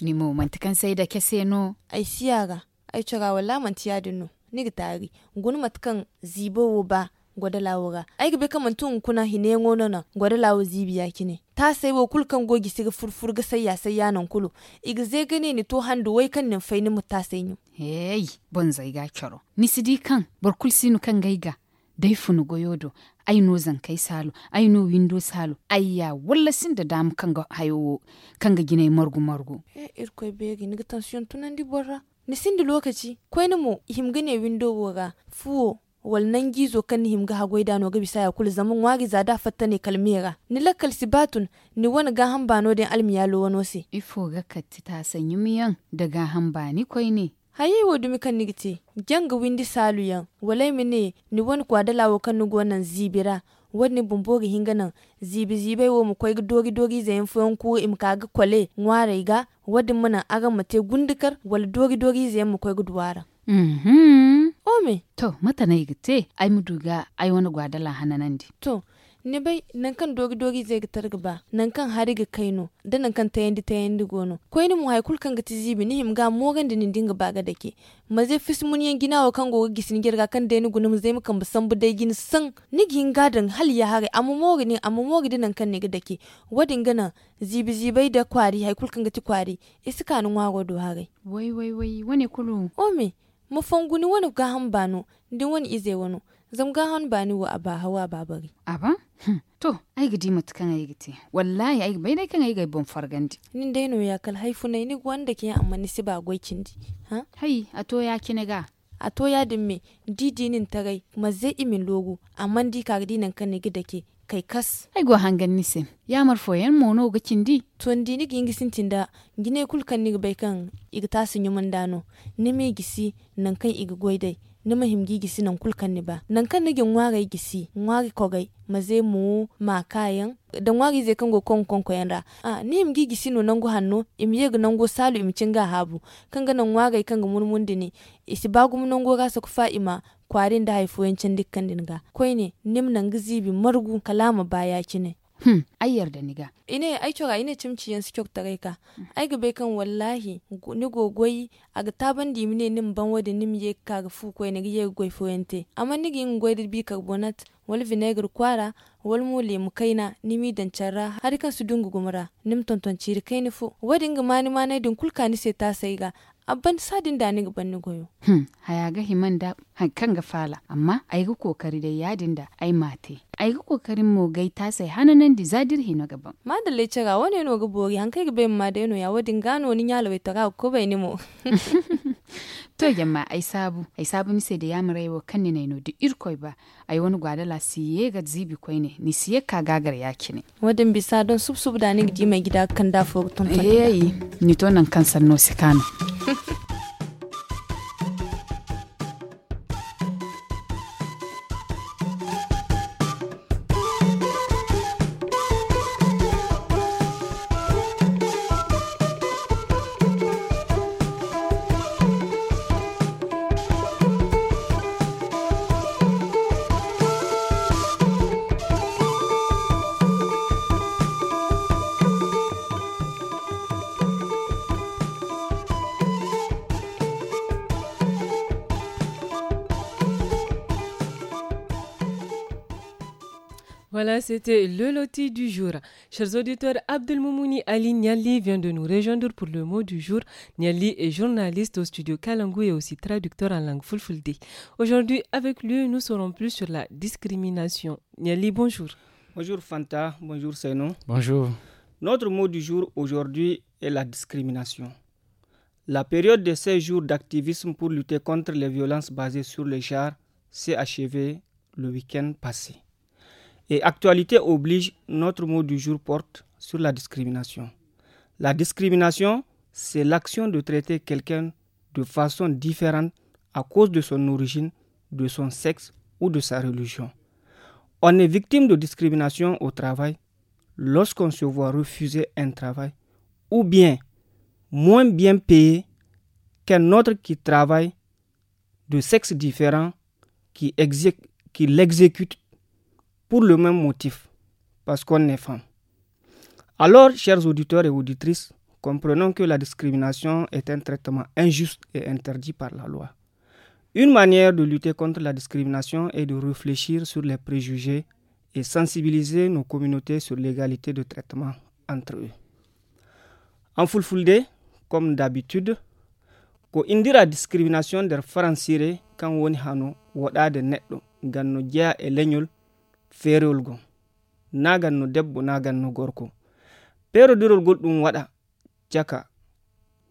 ni mu mantakan sai da kese no ai siyaga ai chora wala mantiya dinu ni gitari gunu matkan zibo wo ba gwada lawo ga ai ga beka tun kuna hine ngono na gwada lawo zibiya kine ta sai wo kulkan gogi siga furfur ga sayya sayya nan kulu iga gane ni to handu wai kan nin faini mu ta sai ni hey bon zai ga kyoro ni sidi kan bar sinu kan gaiga dai funu goyodo ai no zan kai salo ai no windo salo ai ya walla sin da dam kan ga hayo kan ga gine margu margu eh irko bege ni ga tansiyon tunan di borra ni sin lokaci kwai ni mu himgane windo woga fuo wal nan gizo kan him ga hagoi da no ga bisaya kul zaman wagi za da fatta ne kalmera ni lakal sibatun ni wani ga hamba no den almiya lo wano se ifo ga katti ta sanyi miyan daga hamba ni koi ne haye wo dumi kan ni gite janga windi salu yan walai ne ni wani da lawo kan ni gonan zibira wani ga hinga nan zibi zibai wo mu koi dogi dogi zayin fuyon ku im ka ga kwale ngware ga wadin muna aga mate gundukar wal dogi dogi zayin mu koi duwara mhm ome oh, to mata na igite ai muduga ai wani gwadala di. to ne bai nan kan dogi dogi zai ga targa ba nan kan hari ga kaino da nan kan tayandi tayandi gono ko ni mu haikul kan ga tizibi ni himga mogan da nindin dinga baga dake ma zai fis mun yan wa kan goga gisin girga kan da ni gunu mu zai mukan busan bu dai gin san ni gin gadan hal ya hare amma mogi ne amma mogi da nan kan ne ga dake wadin gana zibi zibai da kwari haikul kan ga ti kwari iska nan wago do hare wai wai wai wani kulu ome oh, mafanguni wani gahan bano din wani ize wani zam gahan bani wa ba hawa ba bari aba hm. to ai gidi mutkan ai gite wallahi ai bai dai kan ai bon fargandi nin dai no ya kal haifu nai ni wanda ke amma ni si ba goikin di ha hai a to ya ga. a to ya din me didi nin tarai ma zai imin logo amma di ka gidi nan kan ni gida ke kai kas ai go hangan nise ya mar foyen mono ga cindi ton dini gi ngi sintinda gine kulkan ni bai kan iga tasu nyuman mandano, ni me gisi nan kan iga goidai ni mahimgi gisi nan kulkan ni ba nan kan nigin wagai gisi wagi kogai maze mu ma kayan dan wagi zai kango kon kon ko yanra a ni himgi gisi no nango hanno imye nan nango salu im cin ga habu kanga nan wagai ga murmundi ne isi bagu nango ga sa ku fa'ima kwarin da haifuwancin dukkan dinga kwai ne nimnan gizibi margu kalama baya kine Hmm, ai yarda ni ga. Ine ai kyora ine cimci yan ta tare ka. Ai gabe kan wallahi ni gogoyi a ga taban di mine nim ban wadi nim ye ka ga fu kwai ne ga ye goy foyente. Amma ni gin goy bi karbonat. wal vinegar kwara wal mu lemu kaina nimi dan charra har kan su dungu gumura nim tonton ciri kaini fu wadin ga mani mani din kulka ni se ta sai ga abban sadin da ni gaban ni goyo. Hmm, haya ga himan da kan ga fala, amma ai ga kokari da yadin da ai mate. Ai ga kokarin mo gai ta sai hananan di zadir hino gaban. Ma da lecce ga wani ga bori han kai ga bayin ma da yano ya wadin gano ni ya lawaita ga ko bai ni mo. (laughs) to yamma ai sabu ai sabu ni se da yamurai wa kan ne no da irkoi ba ai wani gwadala siye ga zibi koi ne ni siye ka gagar yaki ne wadin bisa don sub da ni gidi mai gida kan da tuntun ton ya yi ni to nan nosi kano. (laughs) c'était le loti du jour. Chers auditeurs, Abdelmoumouni Ali Niali vient de nous rejoindre pour le mot du jour. Niali est journaliste au studio Kalangou et aussi traducteur en langue fulfulde. Aujourd'hui, avec lui, nous serons plus sur la discrimination. Niali, bonjour. Bonjour Fanta, bonjour Seno. Bonjour. Notre mot du jour aujourd'hui est la discrimination. La période de 16 jours d'activisme pour lutter contre les violences basées sur les chars s'est achevée le week-end passé. Et actualité oblige, notre mot du jour porte sur la discrimination. La discrimination, c'est l'action de traiter quelqu'un de façon différente à cause de son origine, de son sexe ou de sa religion. On est victime de discrimination au travail lorsqu'on se voit refuser un travail ou bien moins bien payé qu'un autre qui travaille de sexe différent qui, qui l'exécute pour le même motif, parce qu'on est femme. Alors, chers auditeurs et auditrices, comprenons que la discrimination est un traitement injuste et interdit par la loi. Une manière de lutter contre la discrimination est de réfléchir sur les préjugés et sensibiliser nos communautés sur l'égalité de traitement entre eux. En full-full-day, comme d'habitude, ko la discrimination des francs kan woni hano woɗade neɗɗo ngam et e ferewol gon nagan no debbo nagan no gorko perodirol gol ɗum waɗa caka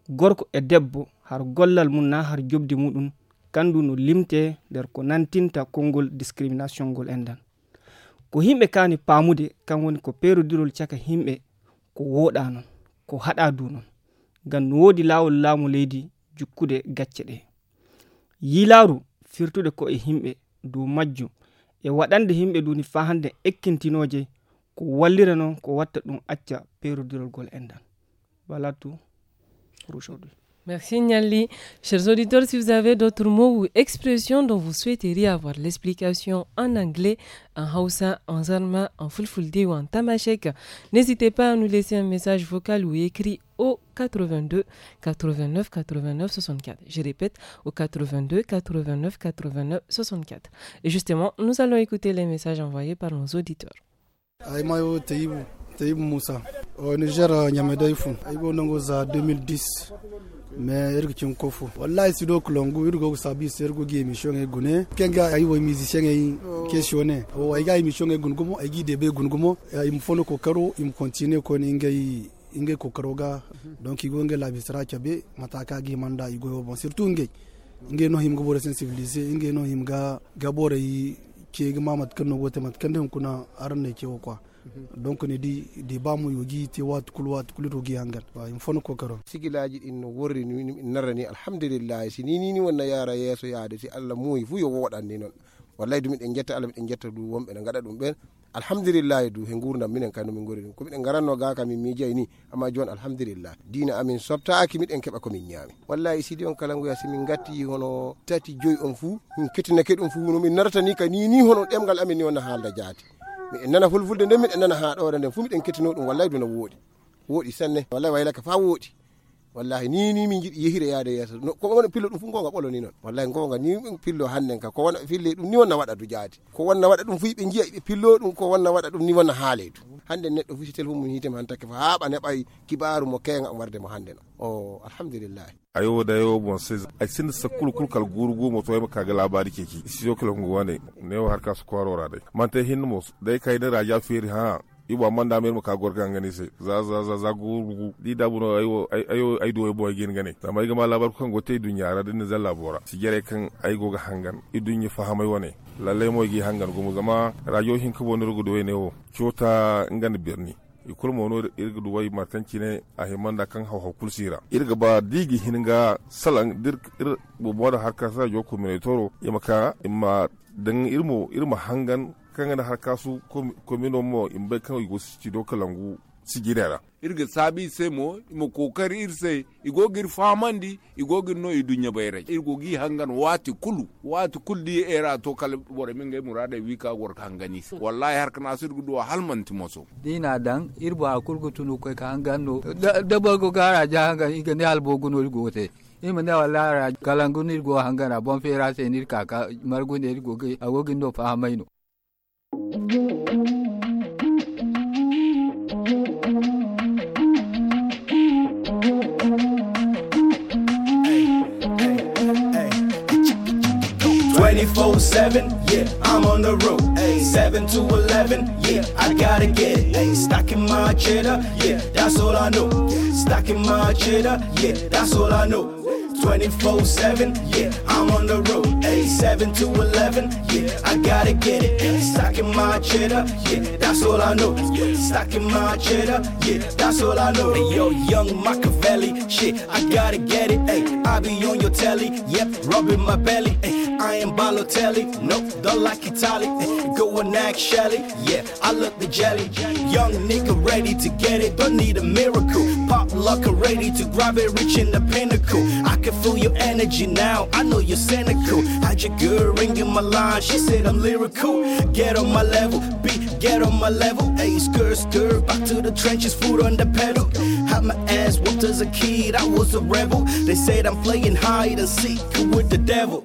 gorko e debbo har gollal mum na har jobdi muɗum kandu no limte nder ko nantinta konngol discrimination ngol endan ko himɓe kani pamude kan woni ko perodirol caka himɓe ko woɗa non ko haɗa du non ngam no wodi lawol laamu leydi jukkude gacce ɗe yilaru firtude ko e himɓe dow majjum e waɗande himɓe duni fa hannde ekkintinoje ko wallira noon ko watta ɗum acca endan voilà tout pour Merci Niali. Chers auditeurs, si vous avez d'autres mots ou expressions dont vous souhaiteriez avoir l'explication en anglais, en Hausa, en Zarma, en Fulfulde ou en Tamashek, n'hésitez pas à nous laisser un message vocal ou écrit au 82 89 89 64. Je répète, au 82 89 89 64. Et justement, nous allons écouter les messages envoyés par nos auditeurs. Niger, 2010. Euh, me irgu cin kofu wallahi sido kulongu irgu sabi sergu gi emission e gune kenga ayi wo musicien e questione oh. o oh, ay ga emission e gungumo ay gi debe gungumo eh, im fono ko karo im continue ko ni ngay inge ko karo ga mhm. donc igo nge la bisra chabe mataka gi manda igo bon surtout ngay ngay no him go bore sensibiliser ngay no him ga gabore yi ke gi mamat kanno wote mat kan kuna arne ke kwa donc ne di di bamu yogi te wat kul wat kul rogi hangal wa in fon ko karo sigilaji in worri narani alhamdulillah sini ni ni wonna yara yeso yaade si Allah moyi fu yo ni non wallahi dum en jetta Allah en jetta du wombe en gada dum ben alhamdulillah du he gurdam minen kandu min gori ɗum ko miɗen garanno ga ka min miijayi ni amma jon alhamdulillah dina amin sobtaaki miɗen keɓa komin ñaami wallahi sidi on kala ngoya simin gatti hono tati joyi on fuu min kettinake ɗum fuu min narata ni ka ni ni hono ɗemgal amin ni wona halda jaati mi en nana fulfulde nden miɗen nana ha ɗoɗa nden fu miɗen kettino ɗum wallay duna woodi woɗi sanne wallahi waylaka fa woɗi wallahi ni ni min jiɗi yehire yaade yeeso ko wona pillo ɗum fof gonga ɓolo ni noon wallahi gonga ni pillo hannden ka ko wona fille ɗum ni wonna waɗa du jaati ko wonna waɗa ɗum fuyi yiɓe jiya ɓe pillo ɗum ko wonna waɗa ɗum ni wonna haale du hannde neɗɗo fusi téléphone mum hiitema han takke fa haaɓa neɓay kibaru mo keega warde mo hannde no o alhamdulillahi ayo da yo bon sai ay sinde sa kul kul kal guru go moto yema kaga labari keki siyo kula ngwane ne har ka su kwarora dai man ta hin mos dai kai da raja feri ha ibo amma da mai kagor kan gani sai za za za za gu di da buno ayo ayo ay do boy gin gani tamay mai gama labar kan gote dunya ra din zalla bora si jere kan ay goga hangan idun yi fahamai wane lalle mo gi hangan gumu zama rajo hin ko bonur gu do ne wo ngani birni ikul mono irga duwai martanci ne a himan da kan hauhau kulsira irga ba digi hinga salan dir ir bo da harkar sa yo minitoro imaka imma dan irmo irma hangan kangana har kasu komino mo in bai kan igo ci do kalangu si gidara irga sabi se mo mo kokari irse igo gir famandi igo gir no dunya bayre irgo gi hangan wati kulu wati kulu di era to kal bore minga murada wika gor hangani wallahi har kana sir gudu halman timoso dina dan irbo akul tunu ko ka hangan no dabo go gara ja hangan iga ne albo go gote ima ne wala ra kalangu nirgo hangana bon a se ni ka margu nirgo agogi no fa maino Twenty-four seven, yeah, I'm on the road. Ay, seven to eleven, yeah, I gotta get it. Ay, stocking my cheddar, yeah, that's all I know. Stocking my cheddar, yeah, that's all I know. 24 7. Yeah, I'm on the road. 87 to 11. Yeah, I gotta get it. Stocking my cheddar. Yeah, that's all I know. Stocking my cheddar. Yeah, that's all I know. Hey, yo, young Machiavelli. Shit, I gotta get it. Hey, I be on your telly. Yep, rubbing my belly. Hey, I am Balotelli. Nope, don't like Italy. Hey, go and act Shelly. Yeah, I look the jelly. Young nigga ready to get it. Don't need a miracle. Pop luck ready to grab it. Reaching the pinnacle. I can can feel your energy now. I know you're cynical. Had your girl ringing my line. She said I'm lyrical. Get on my level, B, get on my level. A skirt, skirt, back to the trenches, foot on the pedal. Had my ass whooped as a kid. I was a rebel. They said I'm playing hide and seek with the devil.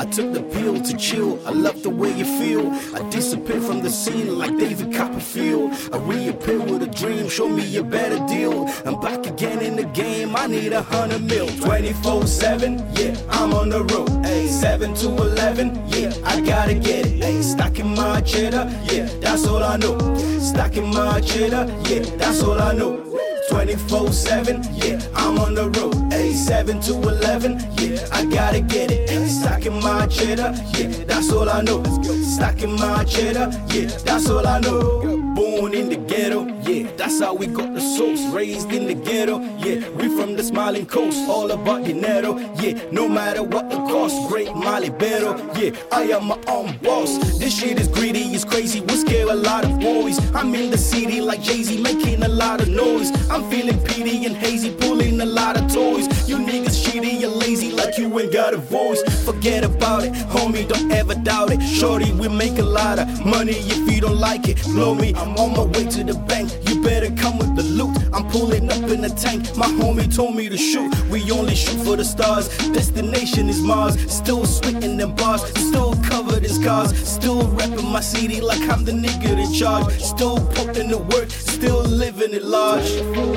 I took the pill to chill. I love the way you feel. I disappear from the scene like David Copperfield. I reappear with a dream. Show me a better deal. I'm back again in the game. I need a hundred mil. 24 07, yeah, I'm on the road. Ay, 7 to 11, yeah, I gotta get it. Ay, stocking my cheddar, yeah, that's all I know. Stocking my cheddar, yeah, that's all I know. 24 7, yeah, I'm on the road. Ay, 7 to 11, yeah, I gotta get it. Ay, stocking my cheddar, yeah, that's all I know. Stocking my cheddar, yeah, that's all I know born in the ghetto, yeah. That's how we got the source. Raised in the ghetto, yeah. We from the smiling coast, all about dinero, yeah. No matter what the cost, great Molly Beto, yeah. I am my own boss. This shit is greedy, it's crazy. We scare a lot of boys. I'm in the city like Jay Z, making a lot of noise. I'm feeling peaty and hazy, pulling a lot of toys. You niggas shitty and lazy, like you ain't got a voice. Forget about it, homie, don't ever doubt it. Shorty, we make a lot of money if you don't like it. Blow me, I'm on my way to the bank. You better come with the loot. I'm pulling up in the tank. My homie told me to shoot. We only shoot for the stars. Destination is Mars. Still sweating them bars. Still covered in scars. Still rapping my CD like I'm the nigga in charge. Still putting the work. Still living it large.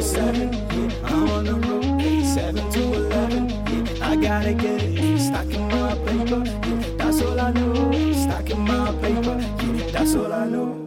Seven, yeah, I'm on the road. seven to eleven. Yeah, I gotta get it. Stacking my paper. Yeah, that's all I know. Stacking my paper. Yeah, that's all I know.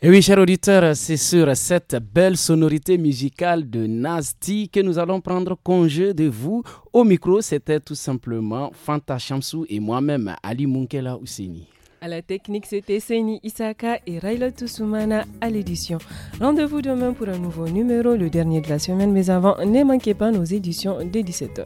Et oui, chers auditeurs, c'est sur cette belle sonorité musicale de Nasty que nous allons prendre congé de vous. Au micro, c'était tout simplement Fanta Chamsou et moi-même, Ali Munkela Ouseni. À la technique, c'était Seni Isaka et Raila Tussoumana à l'édition. Rendez-vous demain pour un nouveau numéro, le dernier de la semaine. Mais avant, ne manquez pas nos éditions dès 17h.